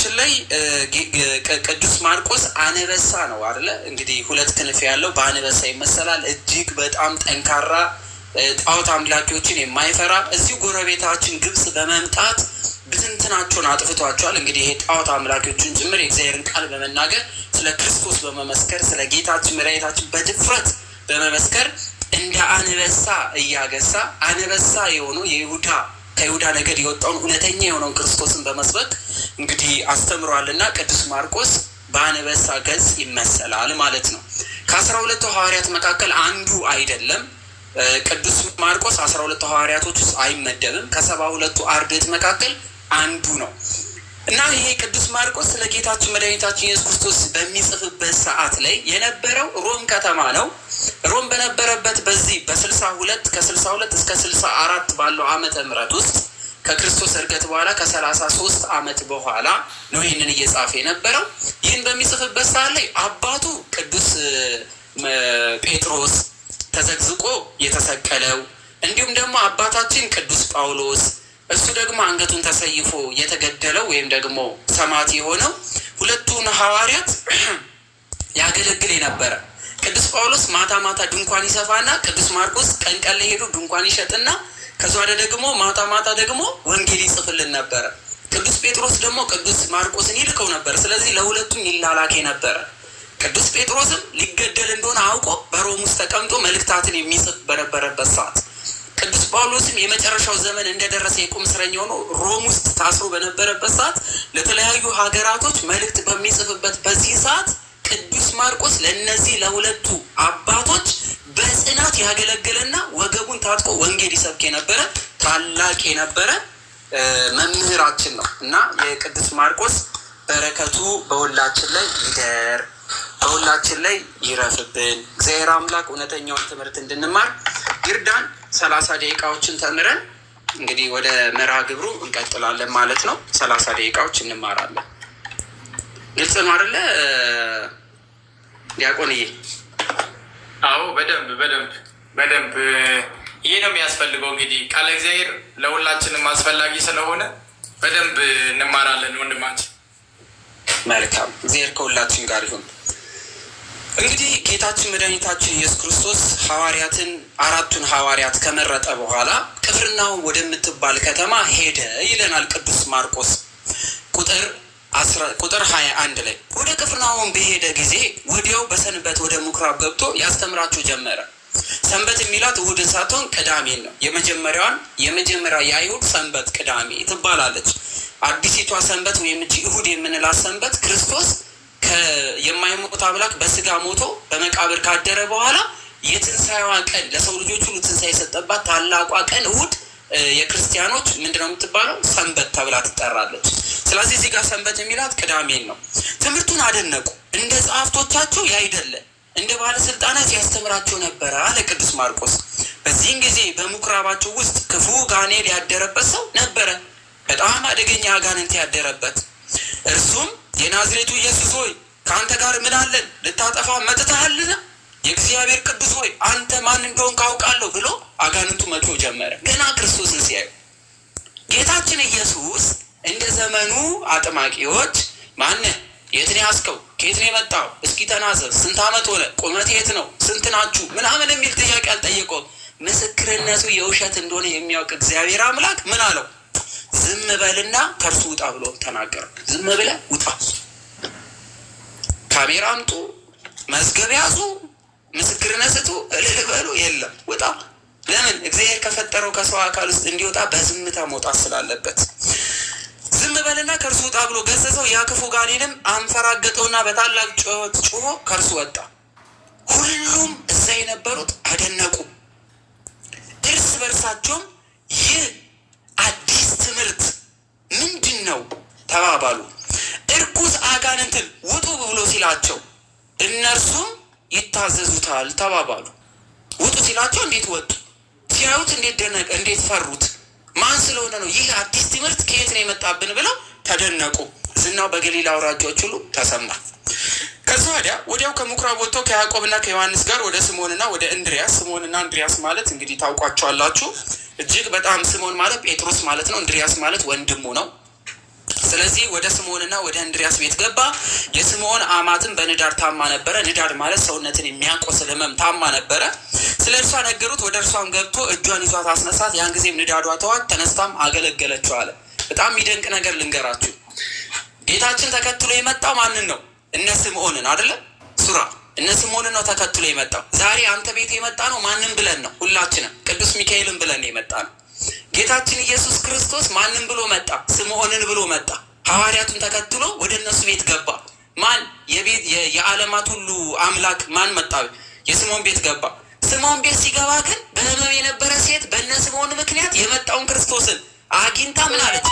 ችን ላይ ቅዱስ ማርቆስ አንበሳ ነው አለ እንግዲህ ሁለት ክንፍ ያለው በአንበሳ ይመሰላል። እጅግ በጣም ጠንካራ ጣዖት አምላኪዎችን የማይፈራ እዚሁ ጎረቤታችን ግብጽ በመምጣት ብትንትናቸውን አጥፍቷቸዋል። እንግዲህ ይሄ ጣዖት አምላኪዎችን ጭምር የእግዚአብሔርን ቃል በመናገር ስለ ክርስቶስ በመመስከር ስለ ጌታችን መድኃኒታችን በድፍረት በመመስከር እንደ አንበሳ እያገሳ አንበሳ የሆኑ የይሁዳ ከይሁዳ ነገድ የወጣውን እውነተኛ የሆነውን ክርስቶስን በመስበክ እንግዲህ አስተምሯልና ቅዱስ ማርቆስ በአንበሳ ገጽ ይመሰላል ማለት ነው። ከአስራ ሁለቱ ሐዋርያት መካከል አንዱ አይደለም። ቅዱስ ማርቆስ አስራ ሁለቱ ሐዋርያቶች ውስጥ አይመደብም። ከሰባ ሁለቱ አርድእት መካከል አንዱ ነው እና ይሄ ቅዱስ ማርቆስ ስለ ጌታችን መድኃኒታችን ኢየሱስ ክርስቶስ በሚጽፍበት ሰዓት ላይ የነበረው ሮም ከተማ ነው። ሮም በነበረበት በዚህ በ62 ከ62 እስከ 64 ባለው ዓመተ ምሕረት ውስጥ ከክርስቶስ እርገት በኋላ ከ33 ዓመት በኋላ ነው ይህንን እየጻፈ የነበረው። ይህን በሚጽፍበት ሰዓት ላይ አባቱ ቅዱስ ጴጥሮስ ተዘግዝቆ የተሰቀለው እንዲሁም ደግሞ አባታችን ቅዱስ ጳውሎስ እሱ ደግሞ አንገቱን ተሰይፎ የተገደለው ወይም ደግሞ ሰማዕት የሆነው ሁለቱን ሐዋርያት ያገለግል የነበረ ቅዱስ ጳውሎስ ማታ ማታ ድንኳን ይሰፋና ቅዱስ ማርቆስ ቀን ቀን ላይ ድንኳን ይሸጥና ከዛ ደግሞ ማታ ማታ ደግሞ ወንጌል ይጽፍልን ነበረ። ቅዱስ ጴጥሮስ ደግሞ ቅዱስ ማርቆስን ይልከው ነበር። ስለዚህ ለሁለቱም ይላላክ ነበረ። ቅዱስ ጴጥሮስም ሊገደል እንደሆነ አውቆ በሮም ውስጥ ተቀምጦ መልእክታትን የሚጽፍ በነበረበት ሰዓት ቅዱስ ጳውሎስም የመጨረሻው ዘመን እንደደረሰ የቁም እስረኛ ሆኖ ሮም ውስጥ ታስሮ በነበረበት ሰዓት ለተለያዩ ሀገራቶች መልእክት በሚጽፍበት በዚህ ሰዓት ቅዱስ ማርቆስ ለእነዚህ ለሁለቱ አባቶች በጽናት ያገለገለና ወገቡን ታጥቆ ወንጌል ይሰብክ የነበረ ታላቅ የነበረ መምህራችን ነው እና የቅዱስ ማርቆስ በረከቱ በሁላችን ላይ ይደር፣ በሁላችን ላይ ይረፍብን። እግዚአብሔር አምላክ እውነተኛውን ትምህርት እንድንማር ይርዳን። ሰላሳ ደቂቃዎችን ተምረን እንግዲህ ወደ መርሃ ግብሩ እንቀጥላለን ማለት ነው። ሰላሳ ደቂቃዎች እንማራለን። ግልጽ ነው አይደለ? ዲያቆንዬ? አዎ በደንብ በደንብ በደንብ ይህ ነው የሚያስፈልገው። እንግዲህ ቃለ እግዚአብሔር ለሁላችንም አስፈላጊ ስለሆነ በደንብ እንማራለን ወንድማችን። መልካም እግዚአብሔር ከሁላችን ጋር ይሁን። እንግዲህ ጌታችን መድኃኒታችን ኢየሱስ ክርስቶስ ሐዋርያትን አራቱን ሐዋርያት ከመረጠ በኋላ ቅፍርናሆም ወደምትባል ከተማ ሄደ ይለናል ቅዱስ ማርቆስ ቁጥር ቁጥር 21 ላይ ወደ ቅፍርናሆም በሄደ ጊዜ ወዲያው በሰንበት ወደ ምኩራብ ገብቶ ያስተምራቸው ጀመረ። ሰንበት የሚላት እሁድን ሳትሆን ቅዳሜን ነው። የመጀመሪያዋን የመጀመሪያ የአይሁድ ሰንበት ቅዳሜ ትባላለች። አዲሲቷ ሰንበት ወይም እቺ እሁድ የምንላት ሰንበት ክርስቶስ የማይሞት አምላክ በስጋ ሞቶ በመቃብር ካደረ በኋላ የትንሣኤዋ ቀን ለሰው ልጆች ሁሉ ትንሣኤ የሰጠባት ታላቋ ቀን እሁድ የክርስቲያኖች ምንድነው የምትባለው? ሰንበት ተብላ ትጠራለች። ስለዚህ እዚህ ጋር ሰንበት የሚላት ቅዳሜን ነው። ትምህርቱን አደነቁ። እንደ ጸሐፍቶቻቸው ያይደለ እንደ ባለስልጣናት ያስተምራቸው ነበረ አለ ቅዱስ ማርቆስ። በዚህም ጊዜ በምኩራባቸው ውስጥ ክፉ ጋኔል ያደረበት ሰው ነበረ፣ በጣም አደገኛ አጋንንት ያደረበት። እርሱም የናዝሬቱ ኢየሱስ ሆይ ከአንተ ጋር ምን አለን? ልታጠፋ መጥተሃልን? የእግዚአብሔር ቅዱስ ሆይ አንተ ማን እንደሆን ካውቃለሁ ብሎ አጋንንቱ መጥቶ ጀመረ። ገና ክርስቶስን ሲያዩ ጌታችን ኢየሱስ እንደ ዘመኑ አጥማቂዎች ማነህ? የት ነው ያስከው? ከየት ነው የመጣው? እስኪ ተናዘብ፣ ስንት ዓመት ሆነ? ቁመት የት ነው? ስንት ናችሁ? ምናምን የሚል ጥያቄ አልጠየቀውም። ምስክርነቱ የውሸት እንደሆነ የሚያውቅ እግዚአብሔር አምላክ ምን አለው? ዝም በልና ከእርሱ ውጣ ብሎ ተናገረ። ዝም ብለ ውጣ። ካሜራ አምጡ፣ መዝገብ ያዙ፣ ምስክርነት ስጡ፣ እልል በሉ። የለም ውጣ። ለምን? እግዚአብሔር ከፈጠረው ከሰው አካል ውስጥ እንዲወጣ በዝምታ መውጣት ስላለበት በልና ከእርሱ ውጣ ብሎ ገሰሰው። ያ ክፉ ጋኔንም አንፈራገጠውና በታላቅ ጩኸት ጮሆ ከእርሱ ወጣ። ሁሉም እዛ የነበሩት አደነቁ። እርስ በርሳቸውም ይህ አዲስ ትምህርት ምንድን ነው ተባባሉ። እርኩስ አጋንንትን ውጡ ብሎ ሲላቸው እነርሱም ይታዘዙታል ተባባሉ። ውጡ ሲላቸው እንዴት ወጡ? ሲያዩት እንዴት ደነቀ፣ እንዴት ፈሩት። ማን ስለሆነ ነው? ይህ አዲስ ትምህርት ከየት ነው የመጣብን ብለው ተደነቁ። ዝናው በገሊላ አውራጃዎች ሁሉ ተሰማ። ከዛ ወዲያ ወዲያው ከምኩራብ ወጥቶ ከያዕቆብና ከዮሐንስ ጋር ወደ ስምዖንና ወደ እንድሪያስ። ስምዖንና እንድሪያስ ማለት እንግዲህ ታውቋቸዋላችሁ። እጅግ በጣም ስምዖን ማለት ጴጥሮስ ማለት ነው። እንድሪያስ ማለት ወንድሙ ነው። ስለዚህ ወደ ስምዖንና ወደ እንድሪያስ ቤት ገባ። የስምዖን አማትን በንዳድ ታማ ነበረ። ንዳድ ማለት ሰውነትን የሚያቆስል ሕመም ታማ ነበረ። ስለ እርሷ ነገሩት። ወደ እርሷም ገብቶ እጇን ይዟት አስነሳት። ያን ጊዜም ንዳዷ ተዋት፣ ተነስታም አገለገለችው አለ። በጣም የሚደንቅ ነገር ልንገራችሁ። ጌታችን ተከትሎ የመጣው ማንን ነው? እነ ስምዖንን አይደለም? ሱራ እነ ስምዖንን ነው ተከትሎ የመጣው። ዛሬ አንተ ቤት የመጣ ነው ማንም ብለን ነው? ሁላችንም ቅዱስ ሚካኤልን ብለን የመጣ ነው። ጌታችን ኢየሱስ ክርስቶስ ማንም ብሎ መጣ? ስምዖንን ብሎ መጣ። ሐዋርያቱን ተከትሎ ወደ እነሱ ቤት ገባ። ማን የቤት የዓለማት ሁሉ አምላክ ማን መጣ? የስምዖን ቤት ገባ። ስምዖን ቤት ሲገባ ግን በህመም የነበረ ሴት በእነ ስምዖን ምክንያት የመጣውን ክርስቶስን አግኝታ ምን አለች?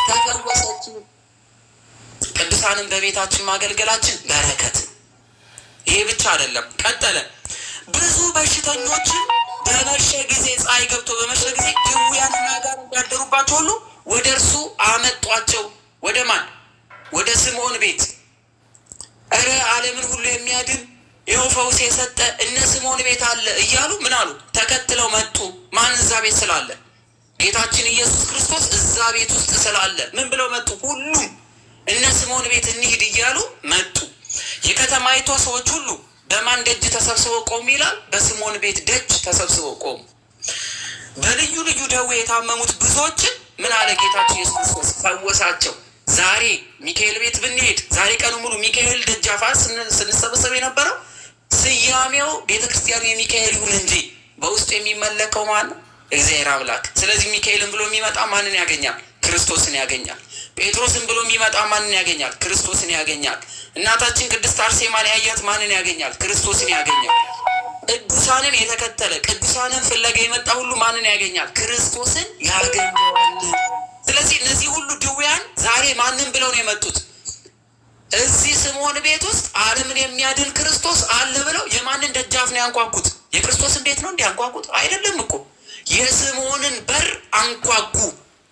ቅዱሳንን በቤታችን ማገልገላችን በረከት። ይሄ ብቻ አይደለም። ቀጠለ። ብዙ በሽተኞችን በመሸ ጊዜ ፀሐይ ገብቶ በመሸ ጊዜ ድውያንና ጋር እንዳደሩባቸው ሁሉ ወደ እርሱ አመጧቸው። ወደ ማን? ወደ ስምዖን ቤት። እረ ዓለምን ሁሉ የሚያድን ይኸው ፈውስ የሰጠ እነ ስምዖን ቤት አለ እያሉ ምን አሉ? ተከትለው መጡ። ማን እዛ ቤት ስላለ ጌታችን ኢየሱስ ክርስቶስ እዛ ቤት ውስጥ ስላለ ምን ብለው መጡ? ሁሉም እነ ስምዖን ቤት እንሂድ እያሉ መጡ። የከተማይቷ ሰዎች ሁሉ በማን ደጅ ተሰብስበው ቆሙ ይላል? በስምዖን ቤት ደጅ ተሰብስበው ቆሙ። በልዩ ልዩ ደዌ የታመሙት ብዙዎችን ምን አለ ጌታችን ኢየሱስ ክርስቶስ ፈወሳቸው። ዛሬ ሚካኤል ቤት ብንሄድ ዛሬ ቀኑ ሙሉ ሚካኤል ደጃፋ ስንሰበሰብ የነበረው ስያሜው ቤተክርስቲያኑ የሚካኤል ይሁን እንጂ በውስጡ የሚመለከው ማን ነው? እግዚአብሔር አምላክ። ስለዚህ ሚካኤልን ብሎ የሚመጣ ማንን ያገኛል? ክርስቶስን ያገኛል። ጴጥሮስን ብሎ የሚመጣ ማንን ያገኛል? ክርስቶስን ያገኛል። እናታችን ቅድስት አርሴማን ያያት ማንን ያገኛል? ክርስቶስን ያገኛል። ቅዱሳንን የተከተለ ቅዱሳንን ፍለጋ የመጣ ሁሉ ማንን ያገኛል? ክርስቶስን ያገኛል። ስለዚህ እነዚህ ሁሉ ድውያን ዛሬ ማንን ብለው ነው የመጡት? እዚህ ስምዖን ቤት ውስጥ ዓለምን የሚያድን ክርስቶስ አለ ብለው የማንን ደጃፍ ነው ያንኳኩት? የክርስቶስን ቤት ነው እንዲያንኳኩት? አይደለም እኮ የስምዖንን በር አንኳኩ።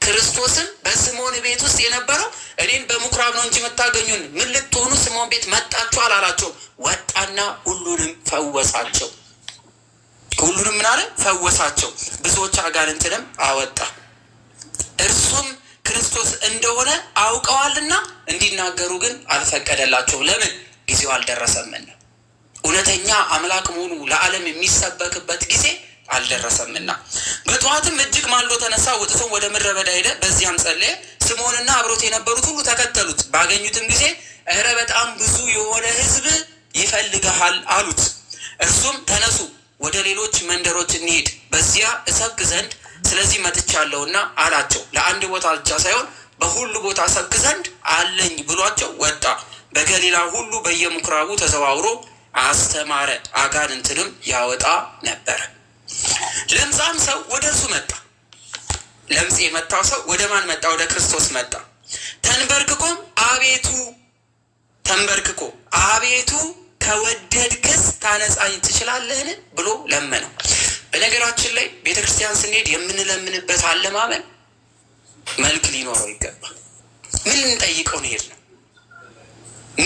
ክርስቶስን በስምዖን ቤት ውስጥ የነበረው እኔን በምኩራብ ነው እንጂ የምታገኙን ምን ልትሆኑ ስምዖን ቤት መጣችሁ አላላቸው። ወጣና ሁሉንም ፈወሳቸው። ሁሉንም ምን አለ ፈወሳቸው። ብዙዎች አጋንንትንም አወጣ። እርሱም ክርስቶስ እንደሆነ አውቀዋልና እንዲናገሩ ግን አልፈቀደላቸው። ለምን? ጊዜው አልደረሰምና እውነተኛ አምላክ መሆኑ ለዓለም የሚሰበክበት ጊዜ አልደረሰምና በጠዋትም እጅግ ማልዶ ተነሳ፣ ወጥቶ ወደ ምድረ በዳ ሄደ። በዚያም ጸለየ። ስምዖንና አብሮት የነበሩት ሁሉ ተከተሉት። ባገኙትም ጊዜ እረ በጣም ብዙ የሆነ ሕዝብ ይፈልግሃል አሉት። እርሱም ተነሱ፣ ወደ ሌሎች መንደሮች እንሄድ፣ በዚያ እሰብክ ዘንድ ስለዚህ መጥቻለሁና አላቸው። ለአንድ ቦታ ብቻ ሳይሆን በሁሉ ቦታ እሰብክ ዘንድ አለኝ ብሏቸው ወጣ። በገሊላ ሁሉ በየምኩራቡ ተዘዋውሮ አስተማረ፣ አጋንንትንም ያወጣ ነበር። ለምጻም ሰው ወደ እርሱ መጣ። ለምጽ የመጣው ሰው ወደ ማን መጣ? ወደ ክርስቶስ መጣ። ተንበርክኮም አቤቱ ተንበርክኮ አቤቱ ከወደድክስ ታነጻኝ ትችላለህን ብሎ ለመነው። በነገራችን ላይ ቤተ ክርስቲያን ስንሄድ የምንለምንበት አለማመን መልክ ሊኖረው ይገባል። ምን እንጠይቀው ነው የሄድነው?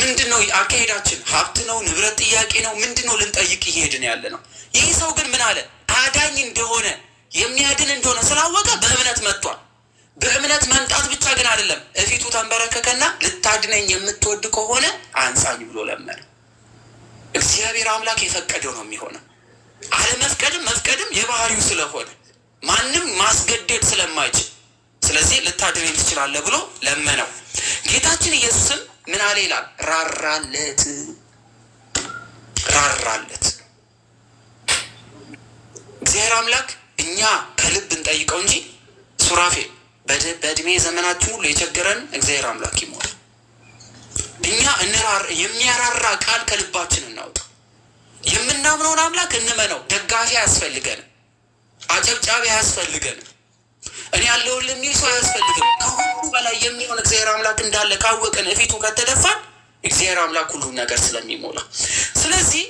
ምንድን ነው አካሄዳችን? ሀብት ነው? ንብረት ጥያቄ ነው? ምንድን ነው ልንጠይቅ እየሄድን ያለ ነው? ይህ ሰው ግን ምን አለ? አዳኝ እንደሆነ የሚያድን እንደሆነ ስላወቀ በእምነት መጥቷል። በእምነት መምጣት ብቻ ግን አይደለም። እፊቱ ተንበረከከና ልታድነኝ የምትወድ ከሆነ አንሳኝ ብሎ ለመነ። እግዚአብሔር አምላክ የፈቀደው ነው የሚሆነው። አለመፍቀድም መፍቀድም የባህሪው ስለሆነ ማንም ማስገደድ ስለማይችል፣ ስለዚህ ልታድነኝ ትችላለህ ብሎ ለመነው። ጌታችን ኢየሱስም ምን አለ ይላል? ራራለት ራራለት እግዚአብሔር አምላክ እኛ ከልብ እንጠይቀው እንጂ ሱራፌ በእድሜ ዘመናችሁ ሁሉ የቸገረን እግዚአብሔር አምላክ ይሞል። እኛ እንራር የሚያራራ ቃል ከልባችን እናውጣ። የምናምነውን አምላክ እንመነው። ደጋፊ አያስፈልገንም። አጨብጫቢ አያስፈልገንም። እኔ ያለውን ለሚል ሰው አያስፈልግም። ከሁሉ በላይ የሚሆን እግዚአብሔር አምላክ እንዳለ ካወቅን እፊቱ ከተደፋን እግዚአብሔር አምላክ ሁሉን ነገር ስለሚሞላ፣ ስለዚህ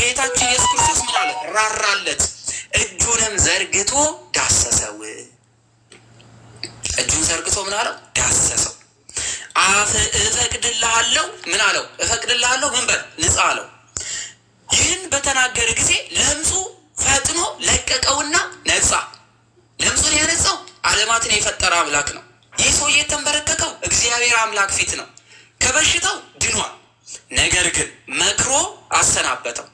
ጌታችን ኢየሱስ ክርስቶስ ምን አለ? ራራለት እጁንም ዘርግቶ ዳሰሰው። እጁን ዘርግቶ ምን አለው? ዳሰሰው። አፍ እፈቅድልሃለሁ ምን አለው? እፈቅድልሃለሁ ምን በል ንጻ አለው። ይህን በተናገረ ጊዜ ለምጹ ፈጥኖ ለቀቀውና ነጻ። ለምጹን ያነጻው ዓለማትን የፈጠረ አምላክ ነው። ይህ ሰው የተንበረከከው እግዚአብሔር አምላክ ፊት ነው። ከበሽታው ድኗል። ነገር ግን መክሮ አሰናበተው።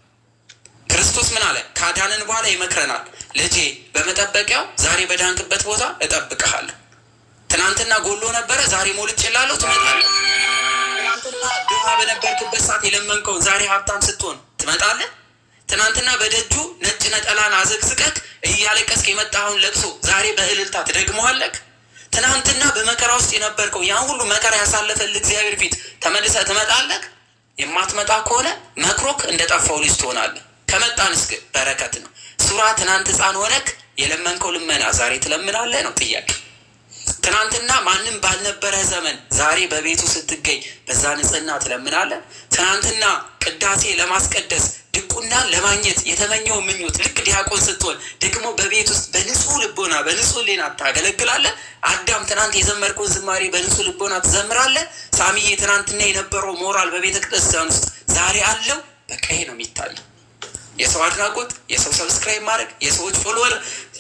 ክርስቶስ ምን አለ? ካዳንን በኋላ ይመክረናል። ልጄ በመጠበቂያው ዛሬ በዳንክበት ቦታ እጠብቅሃለሁ። ትናንትና ጎሎ ነበረ፣ ዛሬ ሞልቼልሃለሁ፣ ትመጣለህ። ትናንትና ድሃ በነበርክበት ሰዓት የለመንከውን ዛሬ ሀብታም ስትሆን ትመጣለህ። ትናንትና በደጁ ነጭ ነጠላን አዘግዝቀክ እያለቀስክ የመጣኸውን ለቅሶ ዛሬ በእልልታ ትደግመዋለክ። ትናንትና በመከራ ውስጥ የነበርከው ያን ሁሉ መከራ ያሳለፈልህ እግዚአብሔር ፊት ተመልሰህ ትመጣለህ። የማትመጣ ከሆነ መክሮክ እንደጠፋው ልጅ ትሆናለህ። ከመጣንስ ግን በረከት ነው። ሱራ ትናንት ህፃን ሆነክ የለመንከው ልመና ዛሬ ትለምናለህ ነው ጥያቄ። ትናንትና ማንም ባልነበረ ዘመን ዛሬ በቤቱ ስትገኝ በዛ ንጽህና ትለምናለህ። ትናንትና ቅዳሴ ለማስቀደስ ድቁናን ለማግኘት የተመኘው ምኞት ልክ ዲያቆን ስትሆን ደግሞ በቤት ውስጥ በንጹህ ልቦና በንጹህ ሌና ታገለግላለህ። አዳም ትናንት የዘመርከውን ዝማሬ በንጹህ ልቦና ትዘምራለህ። ሳሚዬ ትናንትና የነበረው ሞራል በቤተ ክርስቲያን ውስጥ ዛሬ አለው በቀይ ነው የሚታየው። የሰው አድናቆት፣ የሰው ሰብስክራይብ ማድረግ፣ የሰዎች ፎሎወር፣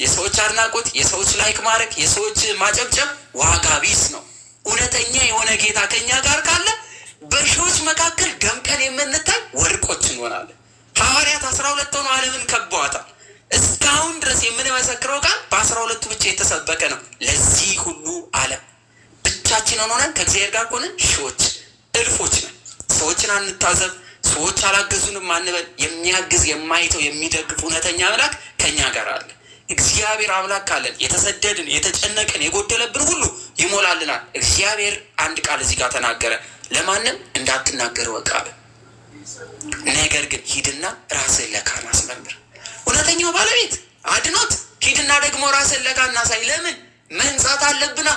የሰዎች አድናቆት፣ የሰዎች ላይክ ማድረግ፣ የሰዎች ማጨብጨብ ዋጋ ቢስ ነው። እውነተኛ የሆነ ጌታ ከኛ ጋር ካለ በሺዎች መካከል ደምቀን የምንታይ ወርቆች እንሆናለን። ሐዋርያት አስራ ሁለት ሆኖ ዓለምን ከበዋታል። እስካሁን ድረስ የምንመሰክረው ቃል በአስራ ሁለቱ ብቻ የተሰበከ ነው። ለዚህ ሁሉ ዓለም ብቻችንን ሆነን ከእግዚአብሔር ጋር ከሆነን ሺዎች እልፎች ነን። ሰዎችን አንታዘብ። ሰዎች አላገዙንም አንበል። የሚያግዝ የማይተው የሚደግፍ እውነተኛ አምላክ ከኛ ጋር አለ። እግዚአብሔር አምላክ ካለን የተሰደድን፣ የተጨነቅን፣ የጎደለብን ሁሉ ይሞላልናል። እግዚአብሔር አንድ ቃል እዚህ ጋር ተናገረ፣ ለማንም እንዳትናገር ወቃ ነገር ግን ሂድና ራስህን ለካህን አስመርምር። እውነተኛው ባለቤት አድኖት ሂድና ደግሞ ራስህን ለካህን እናሳይ። ለምን መንጻት አለብና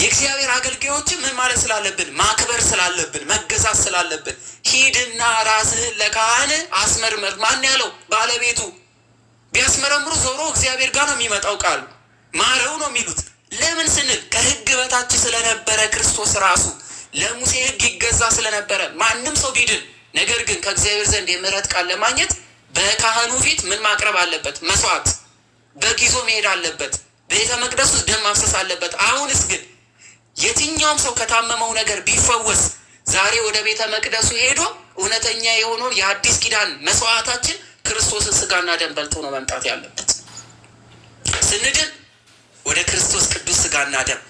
የእግዚአብሔር አገልጋዮችን ምን ማለት ስላለብን ማክበር ስላለብን መገዛት ስላለብን፣ ሂድና ራስህን ለካህን አስመርመር። ማን ያለው? ባለቤቱ። ቢያስመረምሩ ዞሮ እግዚአብሔር ጋር ነው የሚመጣው። ቃሉ ማረው ነው የሚሉት። ለምን ስንል ከህግ በታች ስለነበረ ክርስቶስ ራሱ ለሙሴ ህግ ይገዛ ስለነበረ ማንም ሰው ቢድን፣ ነገር ግን ከእግዚአብሔር ዘንድ የምህረት ቃል ለማግኘት በካህኑ ፊት ምን ማቅረብ አለበት? መስዋዕት። በጊዞ መሄድ አለበት። ቤተ መቅደስ ውስጥ ደም ማፍሰስ አለበት። አሁንስ ግን የትኛውም ሰው ከታመመው ነገር ቢፈወስ ዛሬ ወደ ቤተ መቅደሱ ሄዶ እውነተኛ የሆነውን የአዲስ ኪዳን መስዋዕታችን ክርስቶስን ስጋና ደም በልቶ ነው መምጣት ያለበት። ስንድን ወደ ክርስቶስ ቅዱስ ስጋና ደም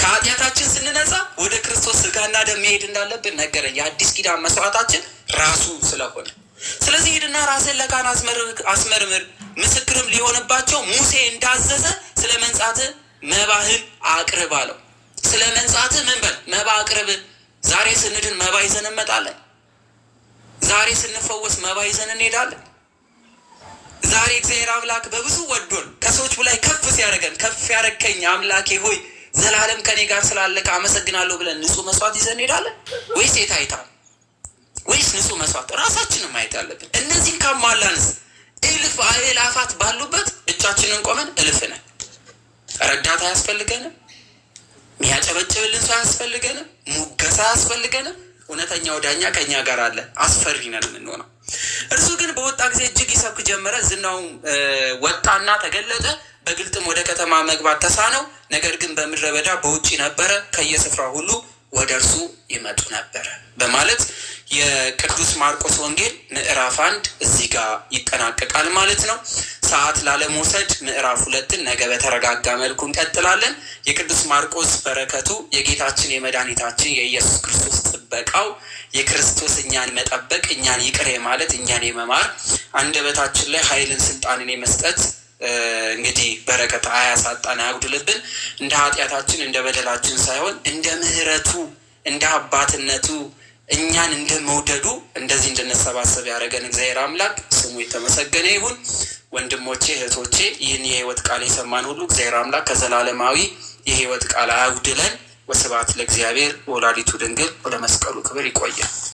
ከኃጢአታችን ስንነጻ ወደ ክርስቶስ ስጋና ደም መሄድ እንዳለብን ነገረን። የአዲስ ኪዳን መስዋዕታችን ራሱ ስለሆነ ስለዚህ ሄድና ራስን ለካህን አስመርምር፣ ምስክርም ሊሆንባቸው ሙሴ እንዳዘዘ ስለ መንጻት መባህን አቅርብ አለው። ስለ መንጻት ምን በል መባ አቅርብ። ዛሬ ስንድን መባ ይዘን እንመጣለን። ዛሬ ስንፈወስ መባ ይዘን እንሄዳለን። ዛሬ እግዚአብሔር አምላክ በብዙ ወዶን ከሰዎች ላይ ከፍ ሲያደርገን ከፍ ያደረከኝ አምላኬ ሆይ ዘላለም ከኔ ጋር ስላለከ አመሰግናለሁ ብለን ንጹህ መስዋዕት ይዘን እንሄዳለን ወይስ የታይታ ወይስ ንጹህ መስዋዕት ራሳችንን ማየት ያለብን። እነዚህን ካሟላንስ እልፍ አእላፋት ባሉበት ብቻችንን ቆመን እልፍ ነን። ረዳት አያስፈልገንም። የሚያጨበጭብልን ሰው አያስፈልገንም። ሙገሳ አያስፈልገንም። እውነተኛው ዳኛ ከኛ ጋር አለ። አስፈሪ ነን የምንሆነው። እርሱ ግን በወጣ ጊዜ እጅግ ይሰብክ ጀመረ። ዝናው ወጣና ተገለጠ። በግልጥም ወደ ከተማ መግባት ተሳነው። ነገር ግን በምድረ በዳ በውጭ ነበረ፣ ከየስፍራ ሁሉ ወደ እርሱ ይመጡ ነበረ በማለት የቅዱስ ማርቆስ ወንጌል ምዕራፍ አንድ እዚህ ጋር ይጠናቀቃል ማለት ነው። ሰዓት ላለመውሰድ ምዕራፍ ሁለትን ነገ በተረጋጋ መልኩ እንቀጥላለን። የቅዱስ ማርቆስ በረከቱ የጌታችን የመድኃኒታችን የኢየሱስ ክርስቶስ ጥበቃው የክርስቶስ እኛን መጠበቅ፣ እኛን ይቅር ማለት፣ እኛን የመማር አንደበታችን ላይ ኃይልን ስልጣንን የመስጠት እንግዲህ በረከት አያሳጣን አያጉድልብን። እንደ ኃጢአታችን እንደ በደላችን ሳይሆን እንደ ምሕረቱ እንደ አባትነቱ እኛን እንደ መውደዱ እንደዚህ እንድንሰባሰብ ያደረገን እግዚአብሔር አምላክ ስሙ የተመሰገነ ይሁን። ወንድሞቼ እህቶቼ፣ ይህን የህይወት ቃል የሰማን ሁሉ እግዚአብሔር አምላክ ከዘላለማዊ የህይወት ቃል አያጉድለን። ወስብሐት ለእግዚአብሔር ወወላዲቱ ድንግል ወለመስቀሉ ክብር። ይቆያል።